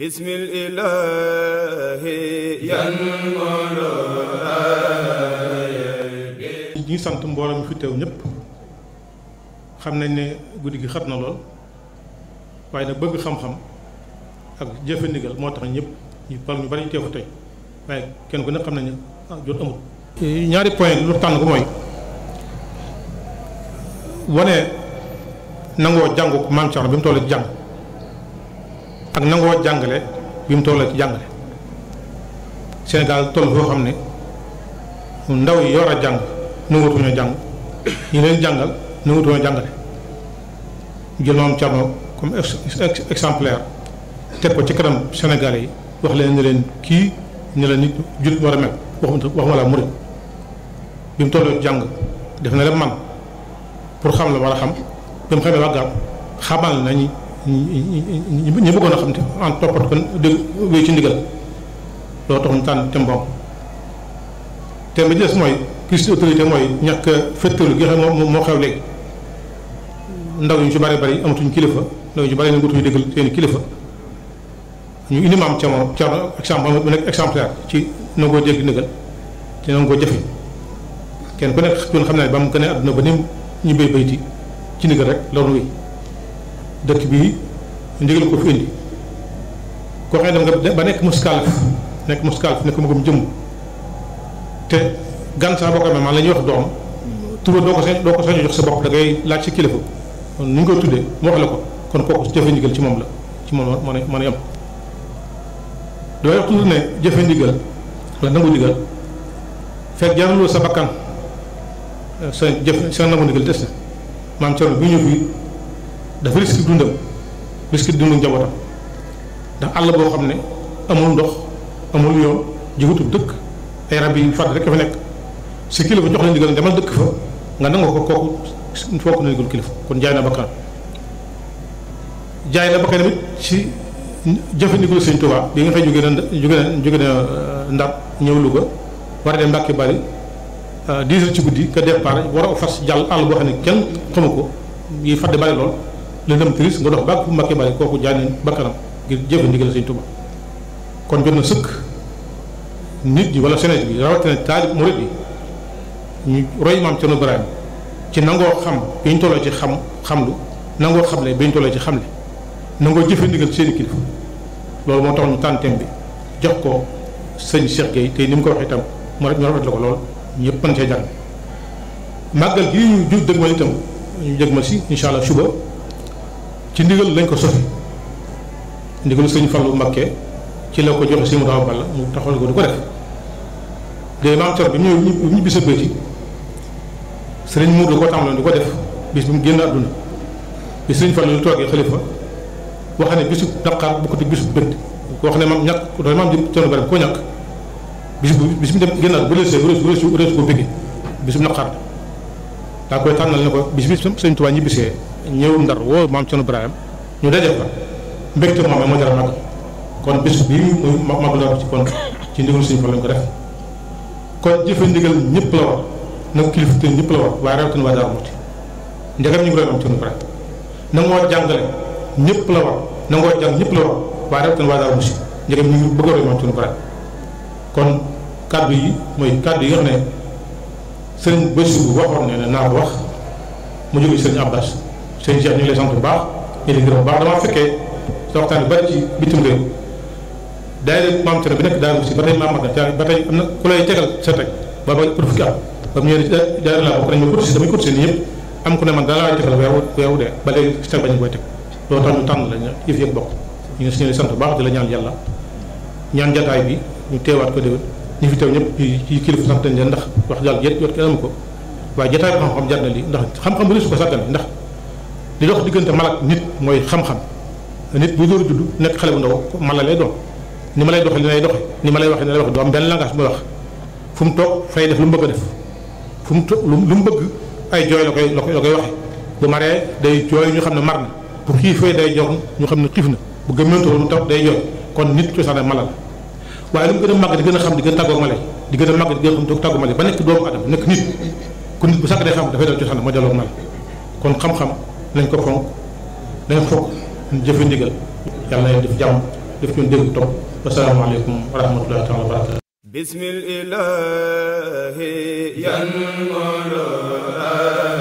بسم الإله ينمر ñi sant mbooloo mi fi teew ñëpp xam nañ ni guddi gi xat na lool waaye nag bëgg xam-xam ak jëfe ndigal moo tax ñëpp ñu par ñu bari teew tey waaye kenn ku ne xam nañ ne ah, jot amul ñaari point lu tànn ko mooy wane nangoo jàngu maam Thierno bi mu toll jàng ak nangoo jàngale bi mu tolloo ci jàngale Sénégal toll foo xam ne ndaw yi war a jàng nanguutuñoo jàng ñi leen jàngal nanguutuñoo jàngale jël moom Thierno comme exemplaire teg ko ci kanam Sénégalais yi wax leen ne leen kii ne la nit jul war a mel waxu waxuma la murit bi mu tolloo jàng def na leen man pour xam la war a xam bi mu xamee wàggaam xamal nañ ñi ñi bëggoon a xam te en toppat kon dégg wéy ci ndigal loo tax ñu tànn thème boobu des mooy crise d'autorité mooy ñàkk féttalu gi xam moo moo xew léegi ndaw ñu ci bari bari amatuñ kilifa ndaw ñu ci bari ñu gutuñu déggal seen kilifa ñu indi maam ca moom ca exemple bu nekk exemplaire ci nangoo dégg ndigal te nangoo jëfe kenn ku nekk yoon xam naa ne ba mu gënee àdduna ba ni ñu béy bayti ci ndigal rek loolu wi dëkk bi ndigal ko fi indi koo xam ne dem nga ba nekk muskalaf nekk muskalaf nekk magum jëmm te gan sax boo ko amee maanaam la wax doom tuba doo ko sañ doo ko sañ jox sa bopp da ngay laaj sa kilifa kon ñu koy tuddee mu wax la ko kon kooku jëfe ndigal ci moom la ci moom moo mën a yem dooy wax tudd ne jëfe ndigal wala nangu ndigal fekk jaraloo sa bakkan sa jëf sa nangu ndigal des na maam Cerno bi ñu fi dafa risque dundam risque dundum jabotam ndax àll boo xam ne amul ndox amul yoon jiwutub dëkk ay rab yi fàdd rek fa nekk si kilifa jox la digal demal dëkk fa nga nango ko kooku fokk na ndigal kilifa kon jaay na bakkan jaay na bakkan tamit ci jëfandikoo sëñ tuba bi nga fay jóge na jóge na jóge na euh, ndar ñëw ko war dem mbàkki bari euh, dix heures ci guddi ka départ war a fas jàll àll boo xam ne kenn xamu ko yi fàdd bari lool lëndëm kiris nga dox bàgg fu Mbàkke bari kooku jaaneen bakkanam ngir jëfe ndigal Sëñ Tuubaa kon jot na sëkk nit ñi wala jeunesse bi rawatina taalib murid yi ñu roy maam Cerno Ibrahim ci nangoo xam bi ñu tolloo ci xam lu nangoo xam le bi ñu tolloo ci xam le nangoo jëfe ndigal seeni kilifa loolu moo tax ñu tànn bi jox ko sëñ Cheikh Gueye te ni mu ko waxee itam mu ñu la ko lool ñëpp mën cee jàng màggal gii ñu ju ma itam ñu dëgmal si incha suba ci ndigal lañ ko sofi ndigalu sëñ Fallu Mbakke ci la ko joxe si mu daaw balla mu taxoon ko du ko def de maam Cerno bi ñëw ñu bisa bëyti sëriñ mu da ko tàmbaloon di ko def bis bi mu génn àdduna bi sëriñ Fallu lu toogee xalifa ne bisu daqaar bu ko teg bisu bënt wax ne maam ñàkk doon maam jëm Cerno Birahim koo ñàkk bisu bis mu dem génn àdduna bu reesee bu reesu ko bëggee bisu naqaar daa koy tànnal ne ko bis bi sëñ Tuubaa ñibbisee ñëw ndar woo maam Thierno Ibrahima ñu daje ko moom moo jara mag kon bés bii muy mag la ci kon ci ndigal suñu problème ko def kon jëfe ndigal ñëpp la war na ko te ñëpp la war waaye rawatina waa Daaru ñu ngi doon am la war nangoo jàng ñëpp la war waaye rawatina waa Daaru Muxti ndegam ñu ngi bëgg a roy maam Thierno Ibrahima kon kàddu yi mooy kàddu yi nga ne sëriñ Bassirou waxoon ne naa ko wax mu jóge sëriñ Abbas sëñ Cheikh ñu lay sant bu baax ñu ngi ngir bu baax dama fekke sa waxtaan yu bari ci bitum réew daayira maam Cerno bi nekk daayira aussi ba tey maam Magal yaa ba tey am na ku lay tegal sa teg ba ba pour fi at ba mu ñëwee daayira la bokk nañu cotisé damay cotisé nii yëpp am ku ne man dalaa tegal weewu weewu de ba léegi sa bañ koy tek do tan tan la ñu yef yef bokk ñu ngi suñu sant bu baax di la ñaan yalla ñaan jataay bi ñu téwaat ko deewul ñu fi teew ñep ci kilif sant leen ndax wax jàll yet yot ko waaye jataay bi xam-xam jar na lii ndax xam-xam bu ko sàggan ndax li dox diggante mal la nit mooy xam-xam nit bu door a nekk xale bu ndaw mala lay doon ni ma lay doxee ni lay doxee ni ma lay waxee ni lay wax doo am benn langage mooy wax fu mu toog fay def lu mu bëgg a def fu mu toog lu mu bëgg ay jooy la koy la koy waxee bu maree day jooy ñu xam ne mar na bu xiifee day jox ñu xam ne xiif na bu gëmmantoo mu taw day jooy kon nit cosaanam mala la waaye lu mu gën a màgg di gën a xam di gën a tàggoo male di gën a màgg di gën a xam tàggoo male ba nekk doomu adam nekk nit ku nit bu sàkk day xam dafay dal cosaan mooy delloo mala kon xam-xam nañ ko fonk nañ fonk jëfe ndigal yàlla na def jàmm def ñu dégg topp wasalaamaaleykum wa rahmatullahi taala wa barakatu bismillahi